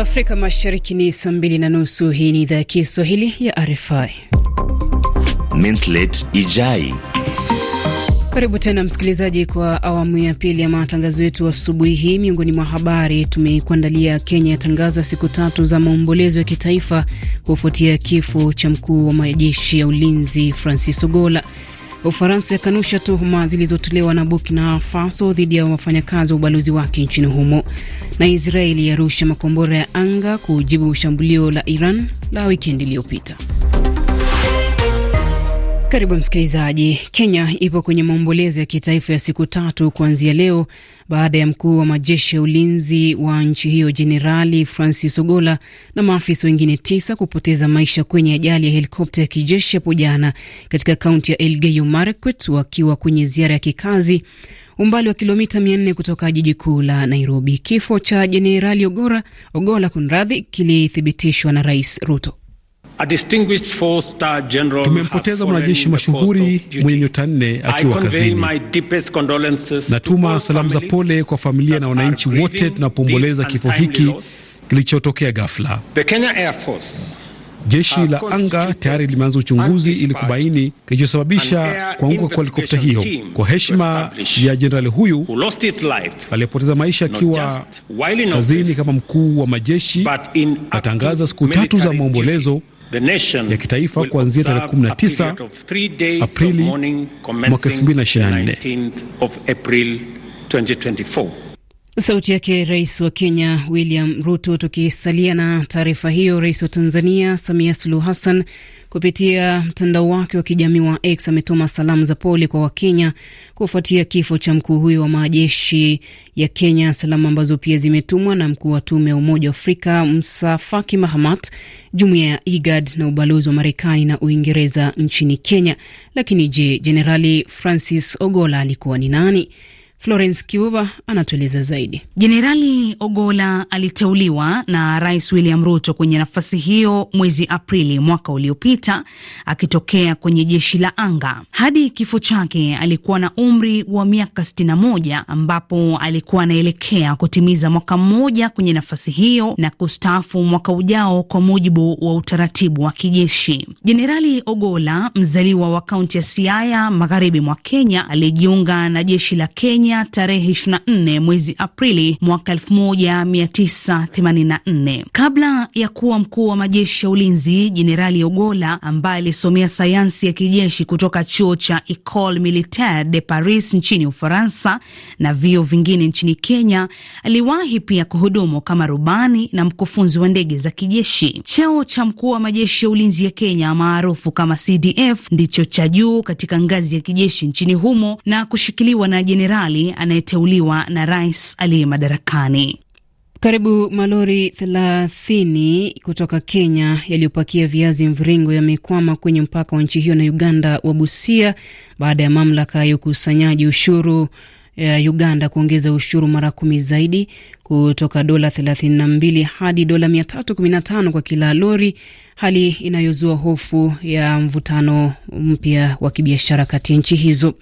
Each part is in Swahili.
Afrika Mashariki ni saa mbili na nusu. Hii ni idhaa ya Kiswahili ya RFI. Minslet Ijai. Karibu tena msikilizaji, kwa awamu ya pili ya matangazo yetu asubuhi hii. Miongoni mwa habari tumekuandalia: Kenya yatangaza siku tatu za maombolezo ya kitaifa kufuatia kifo cha mkuu wa majeshi ya ulinzi Francis Ogola; Ufaransa yakanusha tuhuma zilizotolewa na Burkina Faso dhidi ya wafanyakazi wa ubalozi wake nchini humo, na Israeli yarusha makombora ya anga kujibu shambulio la Iran la wikendi iliyopita. Karibu msikilizaji. Kenya ipo kwenye maombolezo ya kitaifa ya siku tatu kuanzia leo baada ya mkuu wa majeshi ya ulinzi wa nchi hiyo Jenerali Francis Ogola na maafisa wengine tisa kupoteza maisha kwenye ajali ya helikopta ya kijeshi hapo jana katika kaunti ya Elgeyo Marakwet wakiwa kwenye ziara ya kikazi umbali wa kilomita 400 kutoka jiji kuu la Nairobi. Kifo cha Jenerali Ogola kunradhi, kilithibitishwa na Rais Ruto. Tumempoteza mwanajeshi mashuhuri mwenye nyota nne akiwa kazini. Natuma salamu za pole kwa familia na wananchi wote tunapoomboleza kifo hiki kilichotokea ghafla. The Kenya Air Force Jeshi la anga tayari limeanza uchunguzi ili kubaini kilichosababisha kuanguka kwa helikopta hiyo. Kwa heshima ya jenerali huyu aliyepoteza maisha akiwa kazini kama mkuu wa majeshi, atangaza siku tatu za maombolezo ya kitaifa kuanzia tarehe 19 Aprili mwaka 2024. Sauti yake Rais wa Kenya William Ruto. Tukisalia na taarifa hiyo, Rais wa Tanzania Samia Suluhu Hassan kupitia mtandao wake wa kijamii wa X ametuma salamu za pole kwa Wakenya kufuatia kifo cha mkuu huyo wa majeshi ya Kenya, salamu ambazo pia zimetumwa na mkuu wa tume ya Umoja wa Afrika Musa Faki Mahamat, jumuiya ya IGAD na ubalozi wa Marekani na Uingereza nchini Kenya. Lakini je, Jenerali Francis Ogola alikuwa ni nani? Florence Kiuva anatueleza zaidi. Jenerali Ogola aliteuliwa na Rais William Ruto kwenye nafasi hiyo mwezi Aprili mwaka uliopita akitokea kwenye jeshi la anga. Hadi kifo chake alikuwa na umri wa miaka 61 ambapo alikuwa anaelekea kutimiza mwaka mmoja kwenye nafasi hiyo na kustaafu mwaka ujao kwa mujibu wa utaratibu wa kijeshi. Jenerali Ogola mzaliwa wa kaunti ya Siaya magharibi mwa Kenya aliyejiunga na jeshi la Kenya Tanzania tarehe 24 mwezi Aprili mwaka 1984. Kabla ya kuwa mkuu wa majeshi ya ulinzi, Jenerali Ogola ambaye alisomea sayansi ya kijeshi kutoka chuo cha Ecole Militaire de Paris nchini Ufaransa na vio vingine nchini Kenya, aliwahi pia kuhudumu kama rubani na mkufunzi wa ndege za kijeshi. Cheo cha mkuu wa majeshi ya ulinzi ya Kenya maarufu kama CDF ndicho cha juu katika ngazi ya kijeshi nchini humo na kushikiliwa na jenerali anayeteuliwa na rais aliye madarakani. Karibu malori thelathini kutoka Kenya yaliyopakia viazi mviringo yamekwama kwenye mpaka wa nchi hiyo na Uganda wa Busia baada ya mamlaka ya ukusanyaji ushuru ya Uganda kuongeza ushuru mara kumi zaidi kutoka dola 32 hadi dola 315 kwa kila lori, hali inayozua hofu ya mvutano mpya wa kibiashara kati ya nchi hizo.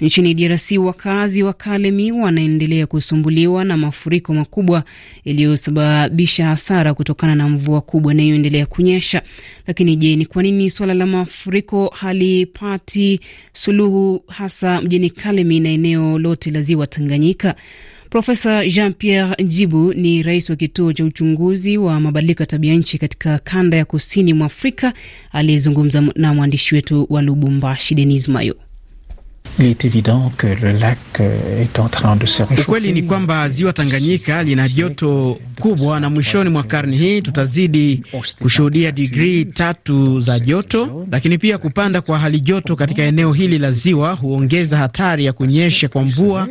Nchini DRC, wakazi wa Kalemi wanaendelea kusumbuliwa na mafuriko makubwa yaliyosababisha hasara kutokana na mvua kubwa inayoendelea kunyesha. Lakini je, ni kwa nini suala la mafuriko halipati suluhu hasa mjini Kalemi na eneo lote la ziwa Tanganyika? Profesa Jean Pierre Njibu ni rais wa kituo cha uchunguzi wa mabadiliko ya tabia nchi katika kanda ya kusini mwa Afrika, aliyezungumza na mwandishi wetu wa Lubumbashi, Denis Mayo. Ukweli ni kwamba ziwa Tanganyika lina joto kubwa na mwishoni mwa karne hii tutazidi kushuhudia digrii tatu za joto, lakini pia kupanda kwa hali joto katika eneo hili la ziwa huongeza hatari ya kunyesha kwa mvua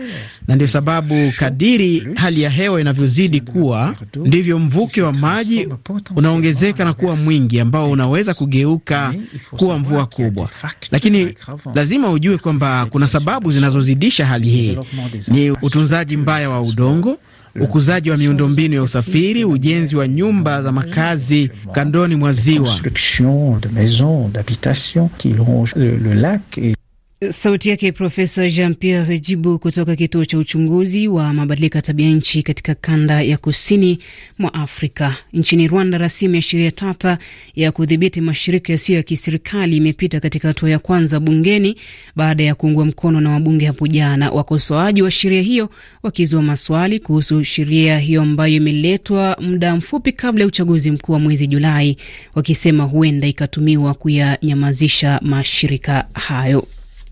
na ndio sababu kadiri hali ya hewa inavyozidi kuwa ndivyo mvuke wa maji unaongezeka na kuwa mwingi, ambao unaweza kugeuka kuwa mvua kubwa. Lakini lazima ujue kwamba kuna sababu zinazozidisha hali hii: ni utunzaji mbaya wa udongo ukuzaji wa miundombinu ya usafiri, ujenzi wa nyumba za makazi kandoni mwa ziwa. Sauti yake Profesa Jean Pierre Jibu kutoka kituo cha uchunguzi wa mabadiliko ya tabia nchi katika kanda ya kusini mwa Afrika. Nchini Rwanda, rasimu ya sheria tata ya kudhibiti mashirika yasiyo ya kiserikali imepita katika hatua ya kwanza bungeni baada ya kuungwa mkono na wabunge hapo jana, wakosoaji wa sheria hiyo wakizua maswali kuhusu sheria hiyo ambayo imeletwa muda mfupi kabla ya uchaguzi mkuu wa mwezi Julai, wakisema huenda ikatumiwa kuyanyamazisha mashirika hayo.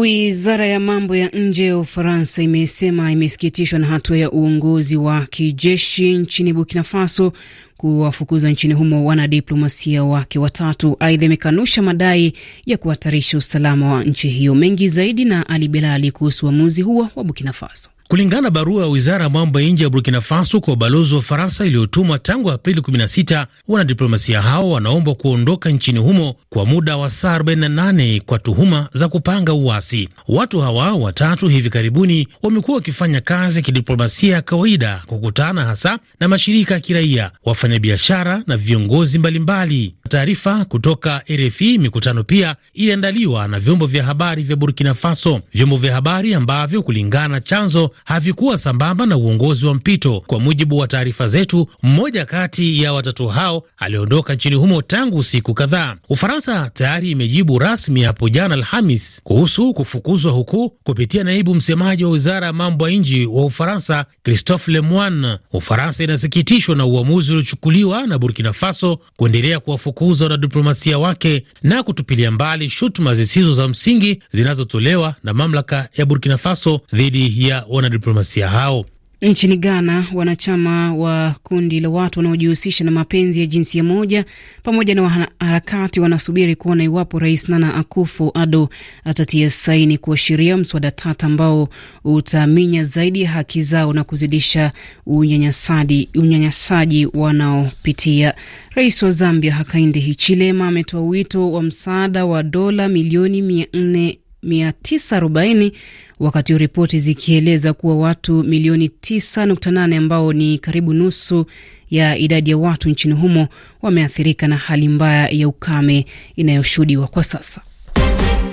Wizara ya mambo ya nje ya Ufaransa imesema imesikitishwa na hatua ya uongozi wa kijeshi nchini Burkina Faso kuwafukuza nchini humo wanadiplomasia wake watatu. Aidha, imekanusha madai ya kuhatarisha usalama wa nchi hiyo. Mengi zaidi na Ali kuhusu uamuzi huo wa Burkina Faso. Kulingana na barua ya wizara ya mambo ya nje ya Burkina Faso kwa ubalozi wa Ufaransa iliyotumwa tangu Aprili 16, wanadiplomasia hao wanaombwa kuondoka nchini humo kwa muda wa saa 48 kwa tuhuma za kupanga uasi. Watu hawa watatu hivi karibuni wamekuwa wakifanya kazi ya kidiplomasia ya kawaida, kukutana hasa na mashirika ya kiraia, wafanyabiashara na viongozi mbalimbali. Taarifa kutoka RFI. Mikutano pia iliandaliwa na vyombo vya habari vya Burkina Faso, vyombo vya habari ambavyo kulingana na chanzo havikuwa sambamba na uongozi wa mpito. Kwa mujibu wa taarifa zetu, mmoja kati ya watatu hao aliondoka nchini humo tangu siku kadhaa. Ufaransa tayari imejibu rasmi hapo jana Alhamis kuhusu kufukuzwa huku kupitia naibu msemaji wa wizara ya mambo ya nje wa Ufaransa Christophe Lemoine. Ufaransa inasikitishwa na uamuzi uliochukuliwa na Burkina Faso kuendelea kuwafukuza kukuza wanadiplomasia wake na kutupilia mbali shutuma zisizo za msingi zinazotolewa na mamlaka ya Burkina Faso dhidi ya wanadiplomasia hao. Nchini Ghana, wanachama wa kundi la watu wanaojihusisha na mapenzi ya jinsia moja pamoja na wanaharakati wanasubiri kuona iwapo Rais Nana akufo ado atatia saini kuashiria mswada tata ambao utaminya zaidi ya haki zao na kuzidisha unyanyasaji unyanyasaji wanaopitia. Rais wa Zambia Hakainde Hichilema ametoa wito wa msaada wa dola milioni mia nne 940 wakati huu ripoti zikieleza kuwa watu milioni 9.8 ambao ni karibu nusu ya idadi ya watu nchini humo wameathirika na hali mbaya ya ukame inayoshuhudiwa kwa sasa.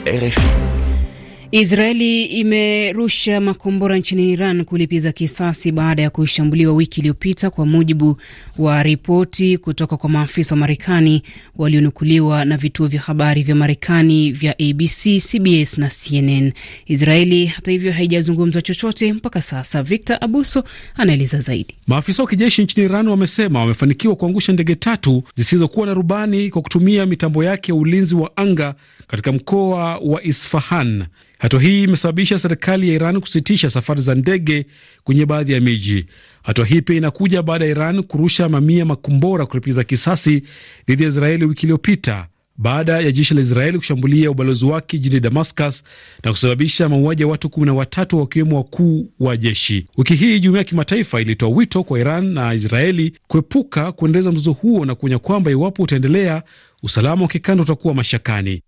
RFI. Israeli imerusha makombora nchini Iran kulipiza kisasi baada ya kushambuliwa wiki iliyopita, kwa mujibu wa ripoti kutoka kwa maafisa wa Marekani walionukuliwa na vituo vya habari vya Marekani vya ABC, CBS na CNN. Israeli hata hivyo haijazungumza chochote mpaka sasa. Victor Abuso anaeleza zaidi. Maafisa wa kijeshi nchini Iran wamesema wamefanikiwa kuangusha ndege tatu zisizokuwa na rubani kwa kutumia mitambo yake ya ulinzi wa anga katika mkoa wa Isfahan. Hatua hii imesababisha serikali ya Iran kusitisha safari za ndege kwenye baadhi ya miji. Hatua hii pia inakuja baada ya Iran kurusha mamia makombora kulipiza kisasi dhidi ya Israeli wiki iliyopita baada ya jeshi la Israeli kushambulia ubalozi wake jijini Damascus na kusababisha mauaji ya watu kumi na watatu wakiwemo wakuu wa jeshi. Wiki hii jumuiya ya kimataifa ilitoa wito kwa Iran na Israeli kuepuka kuendeleza mzozo huo na kuonya kwamba iwapo utaendelea, usalama wa kikanda utakuwa mashakani.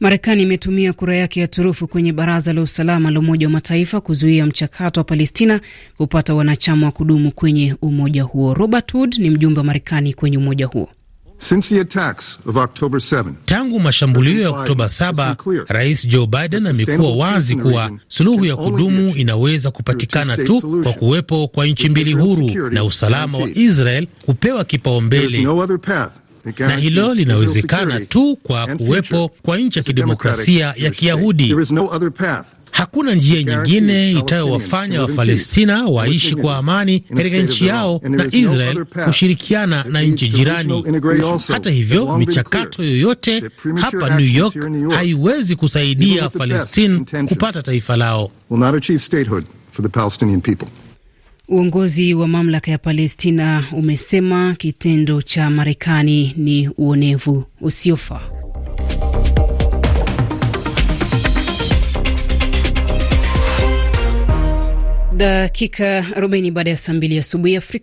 Marekani imetumia kura yake ya turufu kwenye baraza la usalama la Umoja wa Mataifa kuzuia mchakato wa Palestina kupata wanachama wa kudumu kwenye umoja huo. Robert Wood ni mjumbe wa Marekani kwenye umoja huo. Since the attacks of October 7, tangu mashambulio ya Oktoba 7, Rais Joe Biden amekuwa wazi kuwa suluhu ya kudumu inaweza kupatikana tu kwa kuwepo kwa nchi mbili huru na usalama wa Israel kupewa kipaumbele na hilo linawezekana tu kwa kuwepo kwa nchi ya kidemokrasia ya Kiyahudi. Hakuna njia nyingine itayowafanya Wafalestina waishi kwa amani katika nchi yao na Israel kushirikiana na nchi jirani. Hata hivyo, michakato yoyote hapa New York haiwezi kusaidia Wafalestini kupata taifa lao. Uongozi wa mamlaka ya Palestina umesema kitendo cha Marekani ni uonevu usiofaa. Dakika 40 baada ya saa mbili asubuhi Afrika